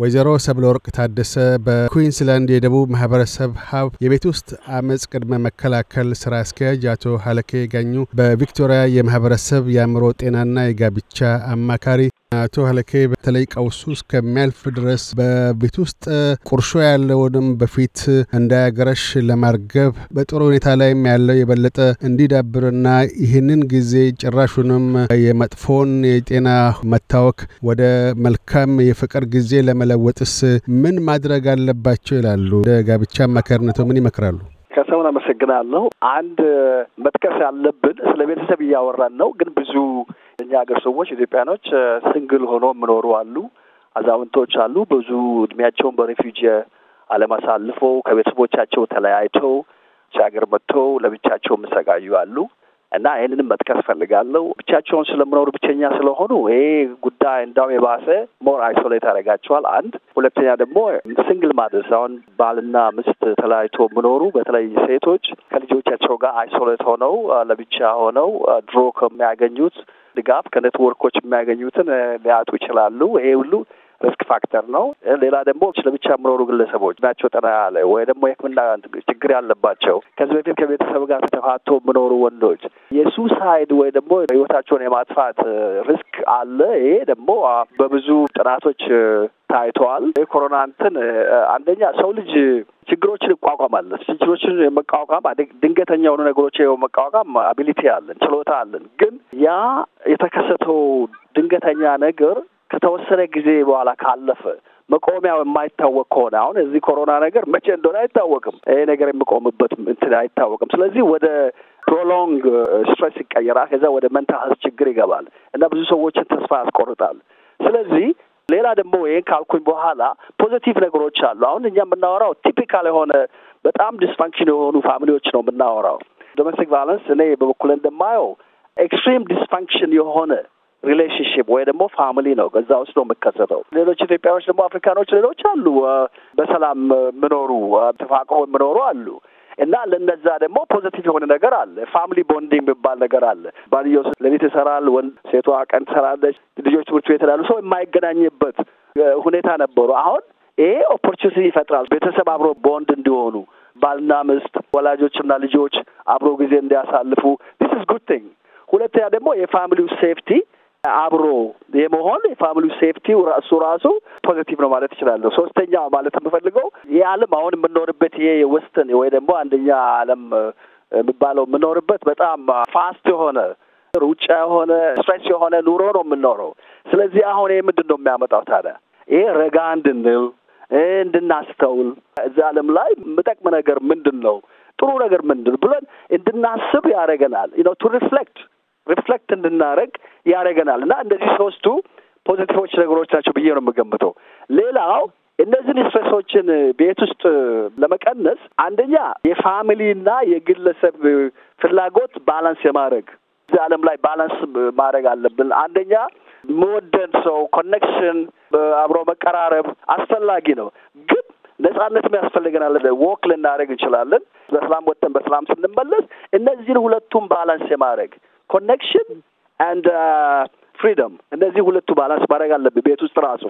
ወይዘሮ ወርቅ ታደሰ በኩዊንስላንድ የደቡብ ማህበረሰብ ሀብ የቤት ውስጥ አመፅ ቅድመ መከላከል ስራ አስኪያጅ፣ አቶ ሀለኬ ጋኙ በቪክቶሪያ የማህበረሰብ የአእምሮ ጤናና የጋብቻ አማካሪ፣ አቶ ሀለኬ በተለይ ቀውሱ እስከሚያልፍ ድረስ በቤት ውስጥ ቁርሾ ያለውንም በፊት እንዳያገረሽ ለማርገብ በጥሩ ሁኔታ ላይም ያለው የበለጠ እንዲዳብርና ይህንን ጊዜ ጭራሹንም የመጥፎን የጤና መታወክ ወደ መልካም የፍቅር ጊዜ ለመለወጥስ ምን ማድረግ አለባቸው ይላሉ? ወደ ጋብቻ አማካሪነቶ ምን ይመክራሉ? ከሰውን አመሰግናለሁ። አንድ መጥቀስ ያለብን ስለ ቤተሰብ እያወራን ነው፣ ግን ብዙ እኛ ሀገር ሰዎች ኢትዮጵያኖች ስንግል ሆኖ የምኖሩ አሉ፣ አዛውንቶች አሉ። ብዙ እድሜያቸውን በሬፊውጅ ዓለም አሳልፈው ከቤተሰቦቻቸው ተለያይተው ሲሀገር መጥተው ለብቻቸው የምሰቃዩ አሉ እና ይህንንም መጥቀስ ፈልጋለሁ። ብቻቸውን ስለምኖሩ ብቸኛ ስለሆኑ ይሄ ጉዳይ እንዳውም የባሰ ሞር አይሶሌት ያደርጋቸዋል። አንድ ሁለተኛ ደግሞ ስንግል ማድረስ አሁን ባልና ምስት ተለያይቶ የምኖሩ በተለይ ሴቶች ከልጆቻቸው ጋር አይሶሌት ሆነው ለብቻ ሆነው ድሮ ከሚያገኙት ድጋፍ ከኔትወርኮች የሚያገኙትን ሊያጡ ይችላሉ። ይሄ ሁሉ ሪስክ ፋክተር ነው። ሌላ ደግሞ ለብቻ የሚኖሩ ግለሰቦች ናቸው ጠና ያለ ወይ ደግሞ የሕክምና ችግር ያለባቸው ከዚህ በፊት ከቤተሰብ ጋር ተፋቶ የምኖሩ ወንዶች የሱሳይድ ወይ ደግሞ ህይወታቸውን የማጥፋት ሪስክ አለ። ይሄ ደግሞ በብዙ ጥናቶች ታይተዋል። የኮሮና እንትን አንደኛ ሰው ልጅ ችግሮችን ይቋቋማል። ችግሮችን የመቋቋም ድንገተኛ የሆኑ ነገሮች መቋቋም አቢሊቲ አለን፣ ችሎታ አለን። ግን ያ የተከሰተው ድንገተኛ ነገር ከተወሰነ ጊዜ በኋላ ካለፈ መቆሚያው የማይታወቅ ከሆነ አሁን እዚህ ኮሮና ነገር መቼ እንደሆነ አይታወቅም። ይሄ ነገር የሚቆምበት እንትን አይታወቅም። ስለዚህ ወደ ፕሮሎንግ ስትረስ ይቀየራል። ከዛ ወደ ሜንታል ሄልዝ ችግር ይገባል እና ብዙ ሰዎችን ተስፋ ያስቆርጣል። ስለዚህ ሌላ ደግሞ ይህን ካልኩኝ በኋላ ፖዘቲቭ ነገሮች አሉ። አሁን እኛ የምናወራው ቲፒካል የሆነ በጣም ዲስፋንክሽን የሆኑ ፋሚሊዎች ነው የምናወራው። ዶሜስቲክ ቫለንስ እኔ በበኩል እንደማየው ኤክስትሪም ዲስፋንክሽን የሆነ ሪሌሽንሽፕ ወይ ደግሞ ፋሚሊ ነው። እዛ ውስጥ ነው የምከሰተው። ሌሎች ኢትዮጵያኖች ደግሞ አፍሪካኖች፣ ሌሎች አሉ በሰላም ምኖሩ ተፋቅሮ ምኖሩ አሉ እና ለነዛ ደግሞ ፖዘቲቭ የሆነ ነገር አለ። ፋሚሊ ቦንድ የሚባል ነገር አለ። ባልዮ ሌሊት ይሰራል፣ ወንድ ሴቷ ቀን ትሰራለች፣ ልጆች ትምህርት ቤት ላሉ ሰው የማይገናኝበት ሁኔታ ነበሩ። አሁን ይሄ ኦፖርቹኒቲ ይፈጥራል። ቤተሰብ አብሮ ቦንድ እንዲሆኑ ባልና ሚስት፣ ወላጆችና ልጆች አብሮ ጊዜ እንዲያሳልፉ ዲስ ኢዝ ጉድ ቲንግ። ሁለተኛ ደግሞ የፋሚሊው ሴፍቲ አብሮ የመሆን የፋሚሊ ሴፍቲው እሱ ራሱ ፖዚቲቭ ነው ማለት ይችላለሁ። ሶስተኛ ማለት የምፈልገው ይህ ዓለም አሁን የምንኖርበት ይሄ የውስጥን ወይ ደግሞ አንደኛ ዓለም የሚባለው የምኖርበት በጣም ፋስት የሆነ ሩጫ የሆነ ስትሬስ የሆነ ኑሮ ነው የምኖረው ስለዚህ አሁን ይህ ምንድን ነው የሚያመጣው ታዲያ? ይሄ ረጋ እንድንል እንድናስተውል እዚህ ዓለም ላይ የምጠቅም ነገር ምንድን ነው ጥሩ ነገር ምንድን ብለን እንድናስብ ያደረገናል ነው ቱ ሪፍሌክት ሪፍሌክት እንድናደረግ ያደረገናል እና እነዚህ ሶስቱ ፖዚቲፎች ነገሮች ናቸው ብዬ ነው የምገምተው። ሌላው እነዚህን ስትረሶችን ቤት ውስጥ ለመቀነስ አንደኛ የፋሚሊና የግለሰብ ፍላጎት ባላንስ የማድረግ እዚህ ዓለም ላይ ባላንስ ማድረግ አለብን። አንደኛ መወደን ሰው ኮኔክሽን፣ አብሮ መቀራረብ አስፈላጊ ነው ግን ነጻነትም ያስፈልገናል። ወክ ልናደረግ እንችላለን። በሰላም ወጥተን በሰላም ስንመለስ እነዚህን ሁለቱም ባላንስ የማድረግ ኮኔክሽን አንድ ፍሪደም እነዚህ ሁለቱ ባላንስ ማድረግ አለብን። ቤት ውስጥ ራሱ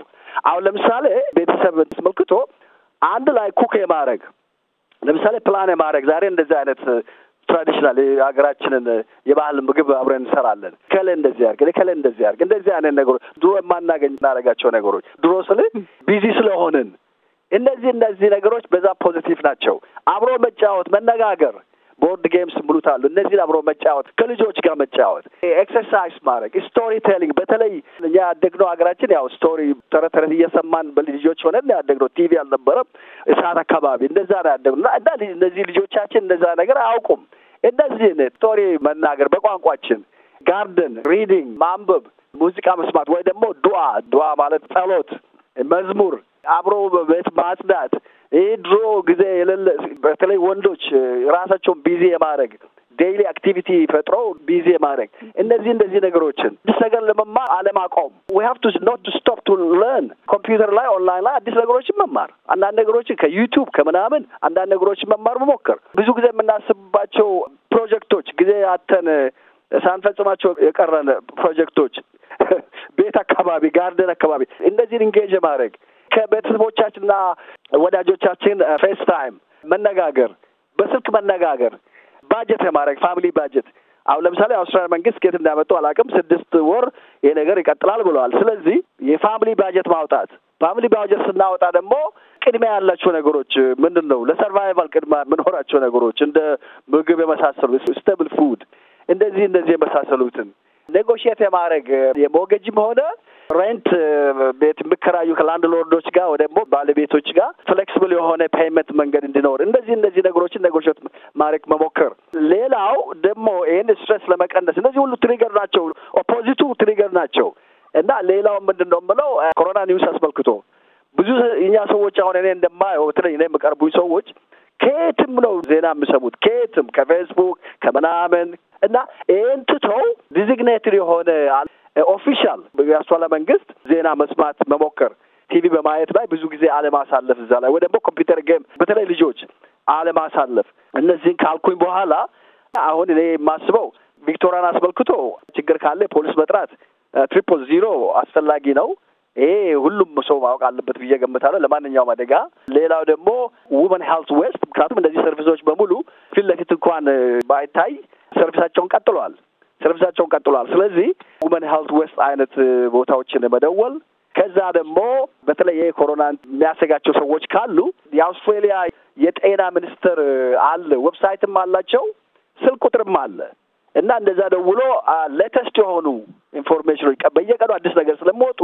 አሁን ለምሳሌ ቤተሰብ አስመልክቶ አንድ ላይ ኩክ የማድረግ ለምሳሌ ፕላን የማድረግ ዛሬ እንደዚህ አይነት ትራዲሽናል uh, የሀገራችንን uh, የባህል ምግብ አብረን እንሰራለን። ከለ እንደዚህ ያርግ፣ ከለ እንደዚህ ያርግ፣ እንደዚህ አይነት ነገሮች ድሮ የማናገኝ እናደርጋቸው ነገሮች ድሮ ስል ቢዚ ስለሆንን እነዚህ እነዚህ ነገሮች በዛ ፖዚቲቭ ናቸው። አብሮ መጫወት፣ መነጋገር ቦርድ ጌምስ ምሉታሉ እነዚህን አብሮ መጫወት፣ ከልጆች ጋር መጫወት፣ ኤክሰርሳይዝ ማድረግ፣ ስቶሪ ቴሊንግ በተለይ እኛ ያደግነው ሀገራችን ያው ስቶሪ ተረት ተረት እየሰማን በልጆች ሆነን ያደግነው ቲቪ አልነበረም። እሳት አካባቢ እንደዛ ነው ያደግነው እና እነዚህ ልጆቻችን እንደዛ ነገር አያውቁም። እነዚህን ስቶሪ መናገር በቋንቋችን ጋርደን ሪዲንግ ማንበብ፣ ሙዚቃ መስማት ወይ ደግሞ ዱዓ ዱዓ ማለት ጸሎት፣ መዝሙር አብሮ ቤት ማጽዳት ይህ ድሮ ጊዜ የሌለ በተለይ ወንዶች ራሳቸውን ቢዚ የማድረግ ዴይሊ አክቲቪቲ ፈጥሮ ቢዚ ማድረግ እነዚህ እንደዚህ ነገሮችን አዲስ ነገር ለመማር አለማቆም ዊ ሀቭ ቱ ኖት ቱ ስቶፕ ቱ ለርን ኮምፒውተር ላይ ኦንላይን ላይ አዲስ ነገሮችን መማር አንዳንድ ነገሮችን ከዩቱብ ከምናምን አንዳንድ ነገሮችን መማር መሞከር ብዙ ጊዜ የምናስባቸው ፕሮጀክቶች ጊዜ አተን ሳንፈጽማቸው የቀረን ፕሮጀክቶች ቤት አካባቢ ጋርደን አካባቢ እንደዚህን ኢንጌጅ ማድረግ ከቤተሰቦቻችንና ወዳጆቻችን ፌስ uh, ታይም መነጋገር፣ በስልክ መነጋገር፣ ባጀት የማድረግ ፋሚሊ ባጀት አሁን ለምሳሌ የአውስትራሊያ መንግስት ከየት እንዳመጡ አላውቅም፣ ስድስት ወር ይሄ ነገር ይቀጥላል ብለዋል። ስለዚህ የፋሚሊ ባጀት ማውጣት ፋሚሊ ባጀት ስናወጣ ደግሞ ቅድሚያ ያላቸው ነገሮች ምንድን ነው? ለሰርቫይቫል ቅድሚያ የምኖራቸው ነገሮች እንደ ምግብ የመሳሰሉት ስቴብል ፉድ እንደዚህ እንደዚህ የመሳሰሉትን ኔጎሽየት የማድረግ የሞገጅም ሆነ ሬንት ቤት የሚከራዩ ከላንድ ሎርዶች ጋር ደግሞ ባለቤቶች ጋር ፍሌክስብል የሆነ ፔይመንት መንገድ እንዲኖር እንደዚህ እነዚህ ነገሮችን ኔጎሽት ማድረግ መሞከር። ሌላው ደግሞ ይህን ስትረስ ለመቀነስ እነዚህ ሁሉ ትሪገር ናቸው፣ ኦፖዚቱ ትሪገር ናቸው እና ሌላው ምንድን ነው የምለው ኮሮና ኒውስ አስመልክቶ ብዙ እኛ ሰዎች አሁን እኔ እንደማየው በተለይ እኔ የምቀርቡኝ ሰዎች ከየትም ነው ዜና የሚሰሙት ከየትም ከፌስቡክ ከምናምን እና ይህን ትተው ዲዚግኔትድ የሆነ ኦፊሻል የአስቷላ መንግስት ዜና መስማት መሞከር ቲቪ በማየት ላይ ብዙ ጊዜ አለማሳለፍ እዛ ላይ ወይ ደግሞ ኮምፒውተር ጌም በተለይ ልጆች አለማሳለፍ እነዚህን ካልኩኝ በኋላ አሁን እኔ የማስበው ቪክቶሪያን አስመልክቶ ችግር ካለ ፖሊስ መጥራት ትሪፕል ዚሮ አስፈላጊ ነው። ይሄ ሁሉም ሰው ማወቅ አለበት ብዬ ገምታለሁ ለማንኛውም አደጋ። ሌላው ደግሞ ውመን ሄልት ዌስት፣ ምክንያቱም እነዚህ ሰርቪሶች በሙሉ ፊት ለፊት እንኳን ባይታይ ሰርቪሳቸውን ቀጥለዋል ሰርቪሳቸውን ቀጥሏል። ስለዚህ ውመን ሀልት ዌስት አይነት ቦታዎችን መደወል ከዛ ደግሞ በተለይ ይህ ኮሮና የሚያሰጋቸው ሰዎች ካሉ የአውስትሬሊያ የጤና ሚኒስቴር አለ፣ ዌብሳይትም አላቸው፣ ስልክ ቁጥርም አለ እና እንደዛ ደውሎ ሌተስት የሆኑ ኢንፎርሜሽኖች በየቀኑ አዲስ ነገር ስለሚወጡ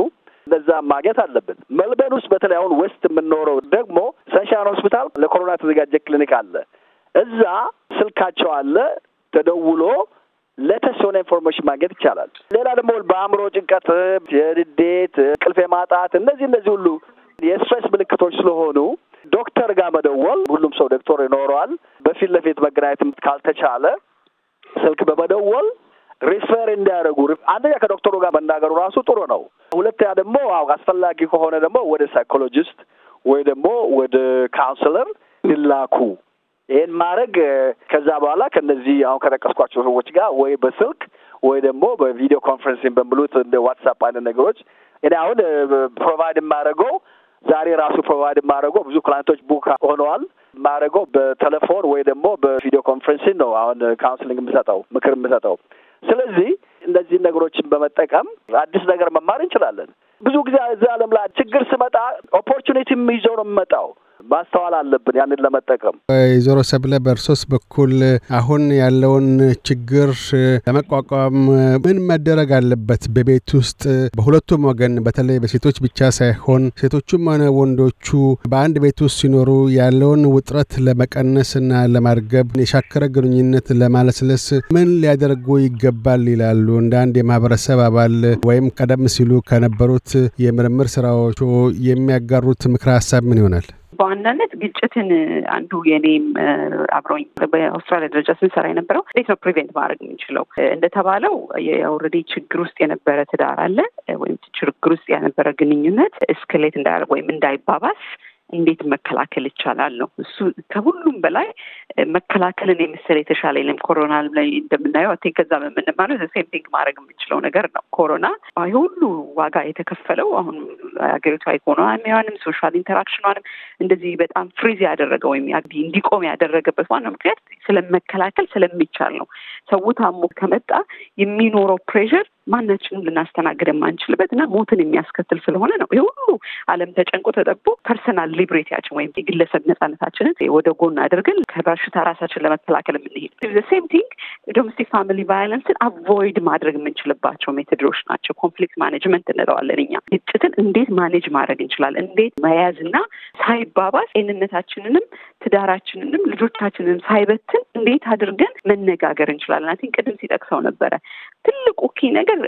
እነዛ ማግኘት አለብን። መልበን ውስጥ በተለይ አሁን ዌስት የምንኖረው ደግሞ ሰንሻን ሆስፒታል ለኮሮና የተዘጋጀ ክሊኒክ አለ። እዛ ስልካቸው አለ ተደውሎ ለተስ የሆነ ኢንፎርሜሽን ማግኘት ይቻላል። ሌላ ደግሞ በአእምሮ ጭንቀት፣ የንዴት፣ ቅልፍ ማጣት እነዚህ እነዚህ ሁሉ የስትሬስ ምልክቶች ስለሆኑ ዶክተር ጋር መደወል ሁሉም ሰው ዶክተር ይኖረዋል። በፊት ለፊት መገናኘትም ካልተቻለ ስልክ በመደወል ሪፈር እንዲያደርጉ አንደኛ ከዶክተሩ ጋር መናገሩ ራሱ ጥሩ ነው። ሁለተኛ ደግሞ አስፈላጊ ከሆነ ደግሞ ወደ ሳይኮሎጂስት ወይ ደግሞ ወደ ካውንስለር ሊላኩ ይሄን ማድረግ ከዛ በኋላ ከነዚህ አሁን ከጠቀስኳቸው ሰዎች ጋር ወይ በስልክ ወይ ደግሞ በቪዲዮ ኮንፈረንሲንግ በምሉት እንደ ዋትሳፕ አይነት ነገሮች እኔ አሁን ፕሮቫይድ የማደርገው ዛሬ ራሱ ፕሮቫይድ የማደርገው ብዙ ክላንቶች ቡክ ሆነዋል። የማደርገው በቴሌፎን ወይ ደግሞ በቪዲዮ ኮንፈረንሲንግ ነው። አሁን ካውንስሊንግ የምሰጠው ምክር የምሰጠው። ስለዚህ እነዚህን ነገሮችን በመጠቀም አዲስ ነገር መማር እንችላለን። ብዙ ጊዜ እዚህ ዓለም ላይ ችግር ስመጣ ኦፖርቹኒቲ ይዘው ነው የሚመጣው። ማስተዋል አለብን ያንን ለመጠቀም። ወይዘሮ ሰብለ በእርሶስ በኩል አሁን ያለውን ችግር ለመቋቋም ምን መደረግ አለበት? በቤት ውስጥ በሁለቱም ወገን በተለይ በሴቶች ብቻ ሳይሆን ሴቶቹም ሆነ ወንዶቹ በአንድ ቤት ውስጥ ሲኖሩ ያለውን ውጥረት ለመቀነስና ለማርገብ የሻከረ ግንኙነት ለማለስለስ ምን ሊያደርጉ ይገባል ይላሉ? እንደ አንድ የማህበረሰብ አባል ወይም ቀደም ሲሉ ከነበሩት የምርምር ስራዎች የሚያጋሩት ምክረ ሀሳብ ምን ይሆናል? በዋናነት ግጭትን አንዱ የኔም አብሮኝ በአውስትራሊያ ደረጃ ስንሰራ የነበረው እንዴት ነው ፕሪቬንት ማድረግ የምንችለው እንደተባለው የኦልሬዲ ችግር ውስጥ የነበረ ትዳር አለ ወይም ችግር ውስጥ የነበረ ግንኙነት እስክሌት እንዳያደርግ ወይም እንዳይባባስ እንዴት መከላከል ይቻላል ነው እሱ። ከሁሉም በላይ መከላከልን የመሰለ የተሻለ የለም። ኮሮና ላይ እንደምናየው ቴ ከዛ በምንማነው ሴም ቲንግ ማድረግ የምችለው ነገር ነው። ኮሮና ሁሉ ዋጋ የተከፈለው አሁን ሀገሪቷ ኢኮኖሚዋንም ሶሻል ኢንተራክሽኗንም እንደዚህ በጣም ፍሪዝ ያደረገ ወይም እንዲቆም ያደረገበት ዋናው ምክንያት ስለመከላከል ስለሚቻል ነው። ሰው ታሞ ከመጣ የሚኖረው ፕሬሽር ማናችንም ልናስተናግድ እና ሞትን የሚያስከትል ስለሆነ ነው። ይህ ሁሉ ዓለም ተጨንቆ ተጠቦ ፐርሰናል ሊብሬቲያችን ወይም የግለሰብ ነጻነታችንን ወደ ጎን አድርገን ከበሽታ ራሳችን ለመከላከል የምንሄድ ሴም ቲንግ ዶሜስቲክ ፋሚሊ ቫይለንስን አቮይድ ማድረግ የምንችልባቸው ሜቶዶች ናቸው። ኮንፍሊክት ማኔጅመንት እንለዋለን እኛ። ግጭትን እንዴት ማኔጅ ማድረግ እንችላለን? እንዴት መያዝና ሳይባባስ ጤንነታችንንም ትዳራችንንም ልጆቻችንንም ሳይበትን እንዴት አድርገን መነጋገር እንችላለን? ቲንክ ቅድም ሲጠቅሰው ነበረ ትልቁ ኪ ነገር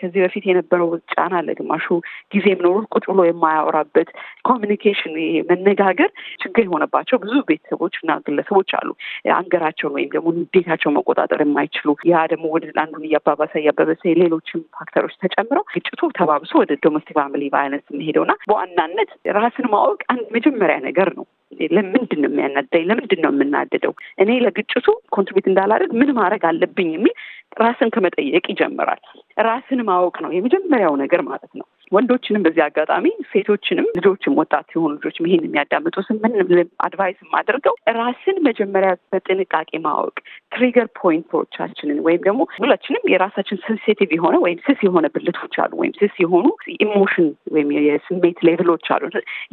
ከዚህ በፊት የነበረው ጫና ለግማሹ ጊዜም ኖሮ ቁጭ ብሎ የማያወራበት ኮሚኒኬሽን መነጋገር ችግር የሆነባቸው ብዙ ቤተሰቦች እና ግለሰቦች አሉ። አንገራቸውን ወይም ደግሞ ንዴታቸውን መቆጣጠር የማይችሉ ያ ደግሞ ወደ አንዱን እያባባሰ እያባባሰ ሌሎችም ፋክተሮች ተጨምረው ግጭቱ ተባብሶ ወደ ዶሜስቲክ ፋሚሊ የሚሄደው የሚሄደውና በዋናነት ራስን ማወቅ አንድ መጀመሪያ ነገር ነው። ለምንድን ነው የሚያናደኝ? ለምንድን ነው የምናደደው? እኔ ለግጭቱ ኮንትሪቢዩት እንዳላደርግ ምን ማድረግ አለብኝ የሚል ራስን ከመጠየቅ ይጀምራል። ራስን ማወቅ ነው የመጀመሪያው ነገር ማለት ነው። ወንዶችንም በዚህ አጋጣሚ ሴቶችንም፣ ልጆችም ወጣት የሆኑ ልጆችም ይህን የሚያዳምጡ ስምን አድቫይስ አድርገው ራስን መጀመሪያ በጥንቃቄ ማወቅ ትሪገር ፖይንቶቻችንን ወይም ደግሞ ሁላችንም የራሳችን ሴንሲቲቭ የሆነ ወይም ስስ የሆነ ብልቶች አሉ ወይም ስስ የሆኑ ኢሞሽን ወይም የስሜት ሌቭሎች አሉ።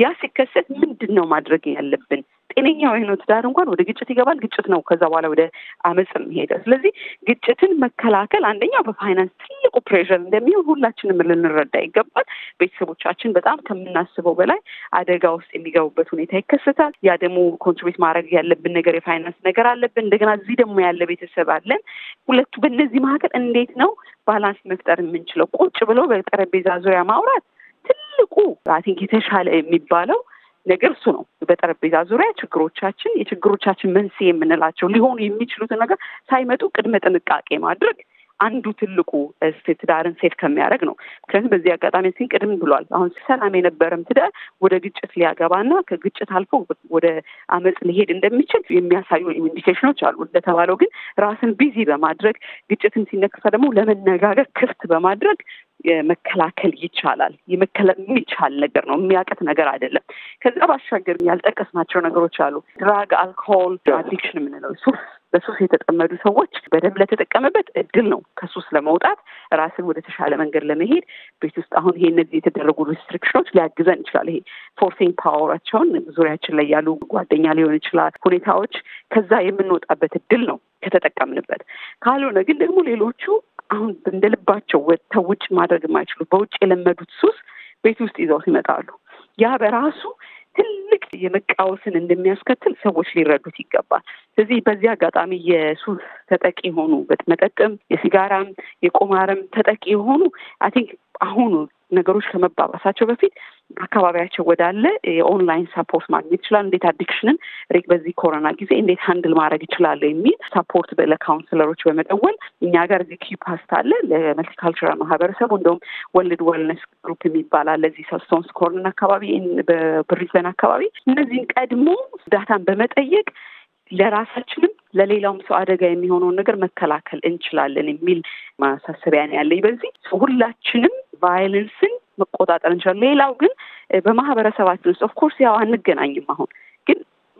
ያ ሲከሰት ምንድን ነው ማድረግ ያለብን ጤነኛ የሆነ ትዳር እንኳን ወደ ግጭት ይገባል። ግጭት ነው ከዛ በኋላ ወደ አመፅ የሚሄደ። ስለዚህ ግጭትን መከላከል አንደኛው በፋይናንስ ትልቁ ፕሬሽር እንደሚሆን ሁላችንም ልንረዳ ይገባል። ቤተሰቦቻችን በጣም ከምናስበው በላይ አደጋ ውስጥ የሚገቡበት ሁኔታ ይከሰታል። ያ ደግሞ ኮንትሪቢዩት ማድረግ ያለብን ነገር የፋይናንስ ነገር አለብን። እንደገና እዚህ ደግሞ ያለ ቤተሰብ አለን። ሁለቱ በእነዚህ መካከል እንዴት ነው ባላንስ መፍጠር የምንችለው? ቁጭ ብሎ በጠረጴዛ ዙሪያ ማውራት ትልቁ አይ ቲንክ የተሻለ የሚባለው ነገር እሱ ነው። በጠረጴዛ ዙሪያ ችግሮቻችን የችግሮቻችን መንስኤ የምንላቸው ሊሆኑ የሚችሉትን ነገር ሳይመጡ ቅድመ ጥንቃቄ ማድረግ አንዱ ትልቁ ትዳርን ሴት ከሚያደርግ ነው። ምክንያቱም በዚህ አጋጣሚ ሲን ቅድም ብሏል። አሁን ሰላም የነበረም ትዳር ወደ ግጭት ሊያገባና ከግጭት አልፎ ወደ አመፅ ሊሄድ እንደሚችል የሚያሳዩ ኢንዲኬሽኖች አሉ። እንደተባለው ግን ራስን ቢዚ በማድረግ ግጭትን ሲነክሳ ደግሞ ለመነጋገር ክፍት በማድረግ መከላከል ይቻላል። የሚቻል ነገር ነው፣ የሚያቀት ነገር አይደለም። ከዛ ባሻገር ያልጠቀስናቸው ነገሮች አሉ። ድራግ፣ አልኮል አዲክሽን የምንለው ሱስ በሱስ የተጠመዱ ሰዎች በደንብ ለተጠቀመበት እድል ነው ከሱስ ለመውጣት ራስን ወደ ተሻለ መንገድ ለመሄድ ቤት ውስጥ አሁን ይሄ እነዚህ የተደረጉ ሪስትሪክሽኖች ሊያግዘን ይችላል። ይሄ ፎርሲንግ ፓወራቸውን ዙሪያችን ላይ ያሉ ጓደኛ ሊሆን ይችላል ሁኔታዎች ከዛ የምንወጣበት እድል ነው ከተጠቀምንበት። ካልሆነ ግን ደግሞ ሌሎቹ አሁን እንደልባቸው ወጥተው ውጭ ማድረግ የማይችሉ በውጭ የለመዱት ሱስ ቤት ውስጥ ይዘውት ይመጣሉ። ያ በራሱ ትልቅ የመቃወስን እንደሚያስከትል ሰዎች ሊረዱት ይገባል። ስለዚህ በዚህ አጋጣሚ የሱስ ተጠቂ የሆኑ መጠጥም፣ የሲጋራም፣ የቁማርም ተጠቂ የሆኑ አይ ቲንክ አሁኑ ነገሮች ከመባባሳቸው በፊት አካባቢያቸው ወዳለ የኦንላይን ሳፖርት ማግኘት ይችላል። እንዴት አዲክሽንን ሬክ በዚህ ኮሮና ጊዜ እንዴት ሀንድል ማድረግ ይችላሉ የሚል ሳፖርት ለካውንስለሮች በመደወል እኛ ጋር እዚህ ኪው ፓስት አለ ለመልቲካልቸራል ማህበረሰቡ እንደውም ወልድ ወልነስ ግሩፕ የሚባል አለ እዚህ ስቶንስ ኮርን አካባቢ በብሪዝበን አካባቢ እነዚህን ቀድሞ እርዳታን በመጠየቅ ለራሳችንም ለሌላውም ሰው አደጋ የሚሆነውን ነገር መከላከል እንችላለን የሚል ማሳሰቢያ ነው ያለኝ። በዚህ ሁላችንም ቫይለንስን መቆጣጠር እንችላለን። ሌላው ግን በማህበረሰባችን ውስጥ ኦፍኮርስ ያው አንገናኝም አሁን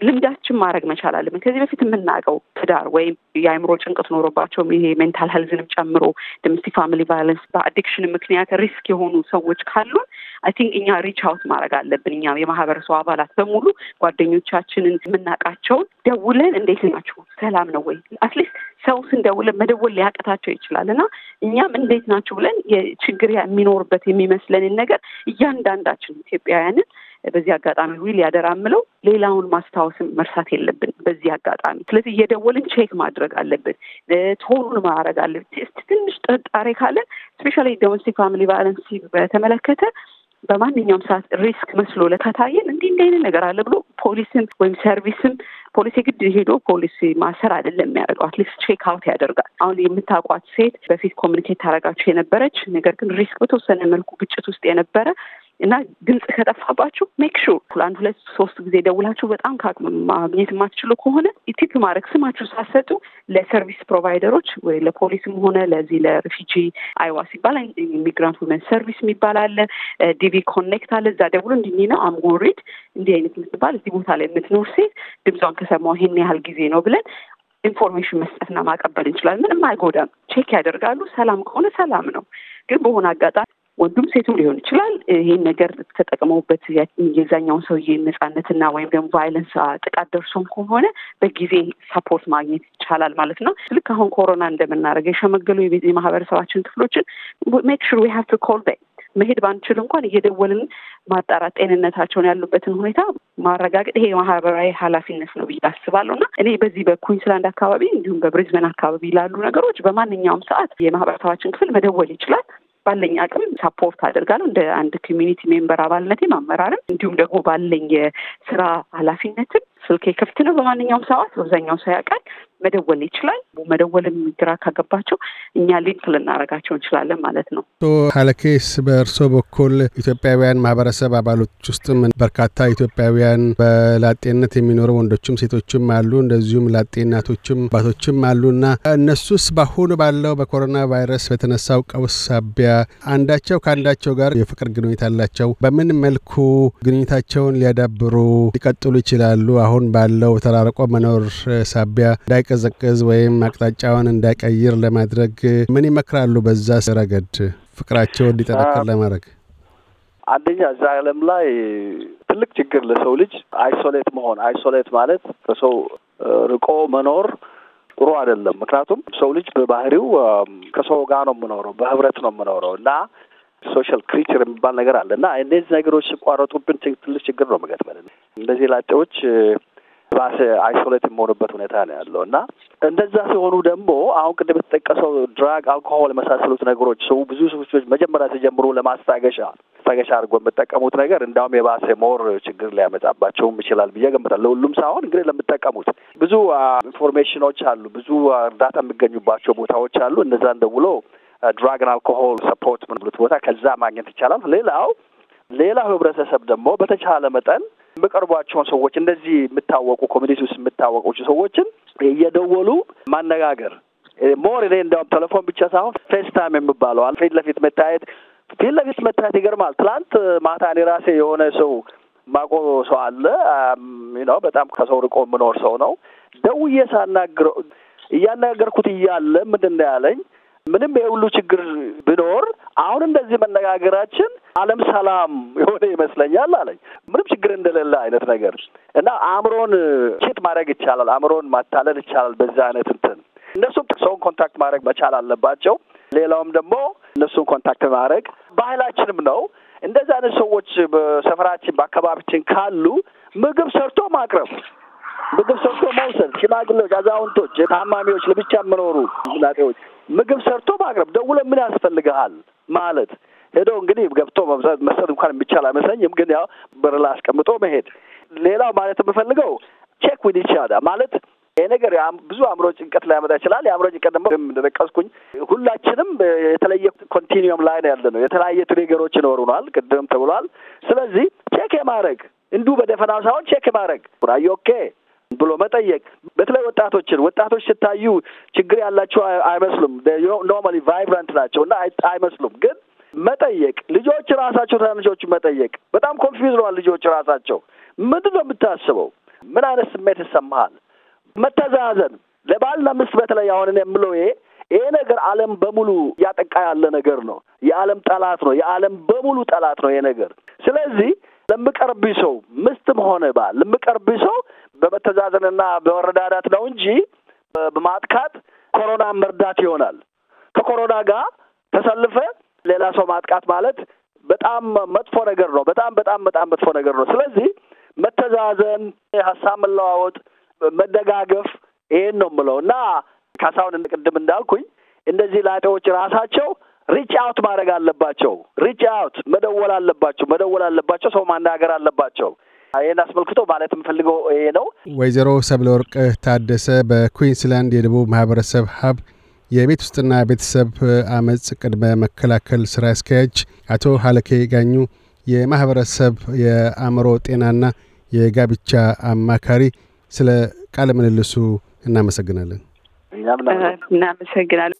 ልምዳችን ማድረግ መቻል አለብን። ከዚህ በፊት የምናውቀው ትዳር ወይም የአእምሮ ጭንቀት ኖሮባቸውም ይሄ ሜንታል ሄልዝንም ጨምሮ ዶሜስቲክ ፋሚሊ ቫዮለንስ በአዲክሽን ምክንያት ሪስክ የሆኑ ሰዎች ካሉን አይ ቲንክ እኛ ሪች አውት ማድረግ አለብን። እኛ የማህበረሰቡ አባላት በሙሉ ጓደኞቻችንን የምናውቃቸውን ደውለን እንዴት ናችሁ፣ ሰላም ነው ወይ አትሊስት ሰው ስንደውለን መደወል ሊያቀታቸው ይችላል እና እኛም እንዴት ናችሁ ብለን የችግር የሚኖርበት የሚመስለንን ነገር እያንዳንዳችን ኢትዮጵያውያንን በዚህ አጋጣሚ ዊል ያደራ የምለው ሌላውን ማስታወስን መርሳት የለብን። በዚህ አጋጣሚ ስለዚህ እየደወልን ቼክ ማድረግ አለብን። ቶኑን ማድረግ አለብን። ትንሽ ጥርጣሬ ካለ ስፔሻሊ ዶሜስቲክ ፋሚሊ ቫለንሲ በተመለከተ በማንኛውም ሰዓት ሪስክ መስሎ ለከታየን እንዲህ እንዲህ አይነት ነገር አለ ብሎ ፖሊስን ወይም ሰርቪስን ፖሊስ የግድ ሄዶ ፖሊስ ማሰር አይደለም የሚያደርገው፣ አትሊስት ቼክ አውት ያደርጋል። አሁን የምታውቋት ሴት በፊት ኮሚኒኬት ታደርጋችሁ የነበረች ነገር ግን ሪስክ በተወሰነ መልኩ ግጭት ውስጥ የነበረ እና ድምፅ ከጠፋባችሁ ሜክ ሹር አንድ ሁለት ሶስት ጊዜ ደውላችሁ በጣም ከአቅም ማግኘት የማትችሉ ከሆነ ቲፕ ማድረግ ስማችሁ ሳሰጡ ለሰርቪስ ፕሮቫይደሮች ወይ ለፖሊስም ሆነ ለዚህ ለሪፊጂ አይዋ ሲባል ኢሚግራንት ውመን ሰርቪስ የሚባል አለ። ዲቪ ኮኔክት አለ። እዛ ደውሎ እንዲህ ነው አምጎሪድ እንዲህ አይነት የምትባል እዚህ ቦታ ላይ የምትኖር ሴት ድምጿን ከሰማሁ ይሄን ያህል ጊዜ ነው ብለን ኢንፎርሜሽን መስጠትና ማቀበል እንችላለን። ምንም አይጎዳም። ቼክ ያደርጋሉ። ሰላም ከሆነ ሰላም ነው። ግን በሆነ አጋጣሚ ወንዱም ሴቱም ሊሆን ይችላል። ይሄን ነገር ተጠቅመውበት የዛኛውን ሰውዬ ነጻነትና ወይም ደግሞ ቫይለንስ ጥቃት ደርሶም ከሆነ በጊዜ ሰፖርት ማግኘት ይቻላል ማለት ነው። ልክ አሁን ኮሮና እንደምናደርገው የሸመገሉ የማህበረሰባችን ክፍሎችን ሜክ ሹር ዊ ቱ ኮል ባክ መሄድ ባንችል እንኳን እየደወልን ማጣራት ጤንነታቸውን ያሉበትን ሁኔታ ማረጋገጥ ይሄ ማህበራዊ ኃላፊነት ነው ብዬ አስባለሁ እና እኔ በዚህ በኩዊንስላንድ አካባቢ እንዲሁም በብሪዝበን አካባቢ ላሉ ነገሮች በማንኛውም ሰዓት የማህበረሰባችን ክፍል መደወል ይችላል። ባለኝ አቅም ሳፖርት አደርጋለሁ እንደ አንድ ኮሚኒቲ ሜምበር አባልነት አመራርም እንዲሁም ደግሞ ባለኝ የስራ ኃላፊነትም ስልኬ ክፍት ነው በማንኛውም ሰዓት አብዛኛው ሰው ያውቃል። መደወል ይችላል። መደወልን ግራ ካገባቸው እኛ ሊንክ ልናረጋቸው እንችላለን ማለት ነው። አቶ ሀለኬስ በእርሶ በኩል ኢትዮጵያውያን ማህበረሰብ አባሎች ውስጥም በርካታ ኢትዮጵያውያን በላጤነት የሚኖሩ ወንዶችም ሴቶችም አሉ፣ እንደዚሁም ላጤ እናቶችም አባቶችም አሉና እነሱስ በአሁኑ ባለው በኮሮና ቫይረስ በተነሳው ቀውስ ሳቢያ አንዳቸው ከአንዳቸው ጋር የፍቅር ግንኙነት አላቸው። በምን መልኩ ግንኙነታቸውን ሊያዳብሩ ሊቀጥሉ ይችላሉ? አሁን ባለው ተራርቆ መኖር ሳቢያ እንዳይቀ እንዳይቀዘቅዝ ወይም አቅጣጫውን እንዳይቀይር ለማድረግ ምን ይመክራሉ? በዛ ረገድ ፍቅራቸው እንዲጠነክር ለማድረግ አንደኛ እዛ ዓለም ላይ ትልቅ ችግር ለሰው ልጅ አይሶሌት መሆን፣ አይሶሌት ማለት ከሰው ርቆ መኖር ጥሩ አይደለም። ምክንያቱም ሰው ልጅ በባህሪው ከሰው ጋር ነው የምኖረው፣ በህብረት ነው የምኖረው እና ሶሻል ክሪቸር የሚባል ነገር አለ እና እነዚህ ነገሮች ሲቋረጡብን ትልቅ ችግር ነው መገጥመን። እንደዚህ ላጤዎች ባስ አይሶሌት የሚሆኑበት ሁኔታ ነው ያለው እና እንደዛ ሲሆኑ ደግሞ አሁን ቅድም የተጠቀሰው ድራግ፣ አልኮሆል የመሳሰሉት ነገሮች ሰው ብዙ ሰዎች መጀመሪያ ሲጀምሩ ለማስታገሻ ማስታገሻ አድርጎ የምጠቀሙት ነገር እንዳውም የባሰ ሞር ችግር ሊያመጣባቸውም ይችላል ብዬ ገምታል። ለሁሉም ሳይሆን እንግዲህ ለምጠቀሙት ብዙ ኢንፎርሜሽኖች አሉ፣ ብዙ እርዳታ የሚገኙባቸው ቦታዎች አሉ። እነዛን ደውሎ ድራግን አልኮሆል ሰፖርት ምን ብሉት ቦታ ከዛ ማግኘት ይቻላል። ሌላው ሌላው ህብረተሰብ ደግሞ በተቻለ መጠን የምቀርቧቸውን ሰዎች እንደዚህ የምታወቁ ኮሚኒቲ ውስጥ የምታወቁ ሰዎችን እየደወሉ ማነጋገር ሞር እኔ እንዲያውም ቴሌፎን ብቻ ሳይሆን ፌስ ታይም የሚባለው ፊት ለፊት መታየት ፊት ለፊት መታየት ይገርማል። ትላንት ማታ እኔ ራሴ የሆነ ሰው ማቆ ሰው አለ ነው በጣም ከሰው ርቆ የምኖር ሰው ነው። ደውዬ ሳናግረው እያነጋገርኩት እያለ ምንድን ነው ያለኝ ምንም የሁሉ ችግር ቢኖር አሁን እንደዚህ መነጋገራችን ዓለም ሰላም የሆነ ይመስለኛል አለኝ። ምንም ችግር እንደሌለ አይነት ነገር እና አእምሮን ሴት ማድረግ ይቻላል፣ አእምሮን ማታለል ይቻላል። በዚህ አይነት እንትን እነሱም ሰውን ኮንታክት ማድረግ መቻል አለባቸው። ሌላውም ደግሞ እነሱን ኮንታክት ማድረግ ባህላችንም ነው። እንደዚህ አይነት ሰዎች በሰፈራችን በአካባቢችን ካሉ ምግብ ሰርቶ ማቅረብ ምግብ ሰርቶ መውሰድ፣ ሽማግሌዎች፣ አዛውንቶች፣ ታማሚዎች፣ ለብቻ የምኖሩ ምናጤዎች ምግብ ሰርቶ ማቅረብ ደውሎ ምን ያስፈልግሃል ማለት ሄዶ እንግዲህ ገብቶ መስጠት እንኳን የሚቻል አይመስለኝም። ግን ያው በር ላይ አስቀምጦ መሄድ። ሌላው ማለት የምፈልገው ቼክ ዊዝ ይቻላ ማለት ይሄ ነገር ብዙ አእምሮ ጭንቀት ሊያመጣ ይችላል። የአእምሮ ጭንቀት ደግሞ እንደጠቀስኩኝ ሁላችንም የተለየ ኮንቲኒየም ላይ ነው ያለ ነው። የተለያየ ትሪገሮች ይኖሩናል፣ ቅድም ተብሏል። ስለዚህ ቼክ የማድረግ እንዲሁ በደፈናው ሳይሆን ቼክ የማድረግ ራዮኬ ብሎ መጠየቅ። በተለይ ወጣቶችን ወጣቶች ስታዩ ችግር ያላቸው አይመስሉም። ኖርማሊ ቫይብራንት ናቸው እና አይመስሉም ግን መጠየቅ ልጆች ራሳቸው ታናናሾች መጠየቅ በጣም ኮንፊውዝ ነዋል። ልጆች ራሳቸው ምንድን ነው የምታስበው? ምን አይነት ስሜት ይሰማሃል? መተዛዘን ለባልና ሚስት በተለይ አሁን የምለው ይሄ ይሄ ነገር ዓለም በሙሉ እያጠቃ ያለ ነገር ነው። የዓለም ጠላት ነው። የዓለም በሙሉ ጠላት ነው ይሄ ነገር። ስለዚህ ለምቀርብ ሰው ምስትም ሆነ ባል ለምቀርብ ሰው በመተዛዘንና በመረዳዳት ነው እንጂ በማጥቃት ኮሮና መርዳት ይሆናል። ከኮሮና ጋር ተሰልፈ ሌላ ሰው ማጥቃት ማለት በጣም መጥፎ ነገር ነው። በጣም በጣም በጣም መጥፎ ነገር ነው። ስለዚህ መተዛዘን፣ ሀሳብ መለዋወጥ፣ መደጋገፍ ይሄን ነው የምለው እና ካሳሁን ቅድም እንዳልኩኝ እንደዚህ ላጤዎች ራሳቸው ሪች አውት ማድረግ አለባቸው። ሪች አውት መደወል አለባቸው። መደወል አለባቸው። ሰው ማናገር አለባቸው። ይህን አስመልክቶ ማለት የምፈልገው ይሄ ነው። ወይዘሮ ወርቅ ታደሰ በኩዊንስላንድ የደቡብ ማህበረሰብ ሀብ የቤት ውስጥና ቤተሰብ አመፅ ቅድመ መከላከል ስራ አስኪያጅ፣ አቶ ሀለኬ ጋኙ የማህበረሰብ የአእምሮ ጤናና የጋብቻ አማካሪ፣ ስለ ቃለ ምልልሱ እናመሰግናለን። እናመሰግናለን።